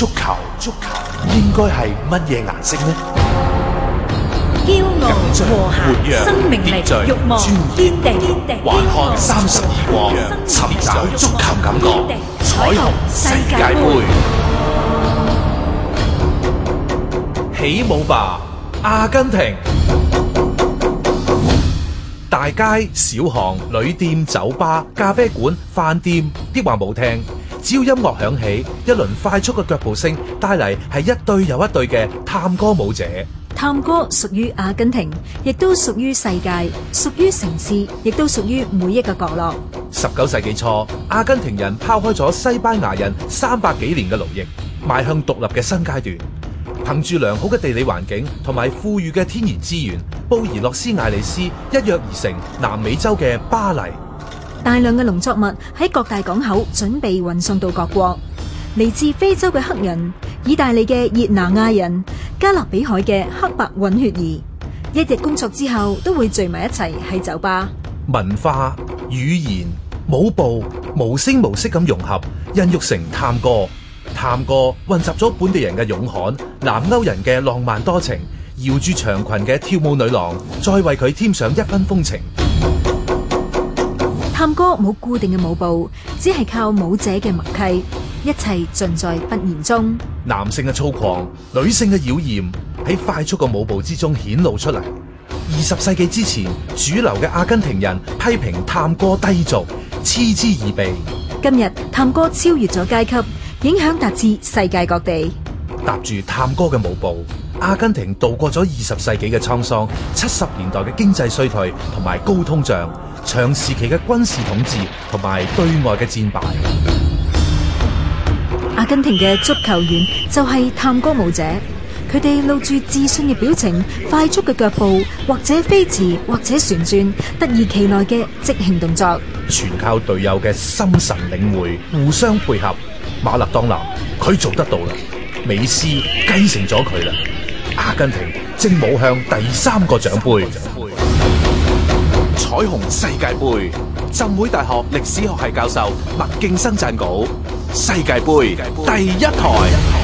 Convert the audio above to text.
足球，足球應該係乜嘢顏色呢？驕傲、和諧、生命力、欲望、天地、環看三十二國，尋找足球感覺，彩虹世界杯，起舞吧，阿根廷！大街、小巷、旅店、酒吧、咖啡館、飯店，啲話冇聽。只要音樂響起，一輪快速嘅腳步聲帶嚟係一對又一對嘅探戈舞者。探戈屬於阿根廷，亦都屬於世界，屬於城市，亦都屬於每一個角落。十九世紀初，阿根廷人拋開咗西班牙人三百幾年嘅奴役，邁向獨立嘅新階段。憑住良好嘅地理環境同埋富裕嘅天然資源，布宜諾斯艾利斯一躍而成南美洲嘅巴黎。大量嘅農作物喺各大港口準備運送到各國。嚟自非洲嘅黑人、意大利嘅熱拿亞人、加勒比海嘅黑白混血兒，一日工作之後都會聚埋一齊喺酒吧。文化、語言、舞步，無聲無息咁融合，孕育成探戈。探戈混雜咗本地人嘅勇悍、南歐人嘅浪漫多情，搖住長裙嘅跳舞女郎，再為佢添上一分風情。探戈冇固定嘅舞步，只係靠舞者嘅默契，一切盡在不言中。男性嘅粗獷，女性嘅妖艷，喺快速嘅舞步之中顯露出嚟。二十世紀之前，主流嘅阿根廷人批評探戈低俗，嗤之以鼻。今日探戈超越咗階級，影響達至世界各地。踏住探戈嘅舞步。阿根廷度過咗二十世紀嘅滄桑，七十年代嘅經濟衰退同埋高通脹，長時期嘅軍事統治同埋對外嘅戰敗。阿根廷嘅足球員就係探戈舞者，佢哋露住自信嘅表情，快速嘅腳步，或者飛馳，或者旋轉，得意其來嘅即興動作，全靠隊友嘅心神領會，互相配合。馬勒當拿，佢做得到啦，美斯繼承咗佢啦。阿根廷正舞向第三個獎杯，杯。彩虹世界杯，浸會大學歷史學系教授麥敬生撰稿。世界杯第一台。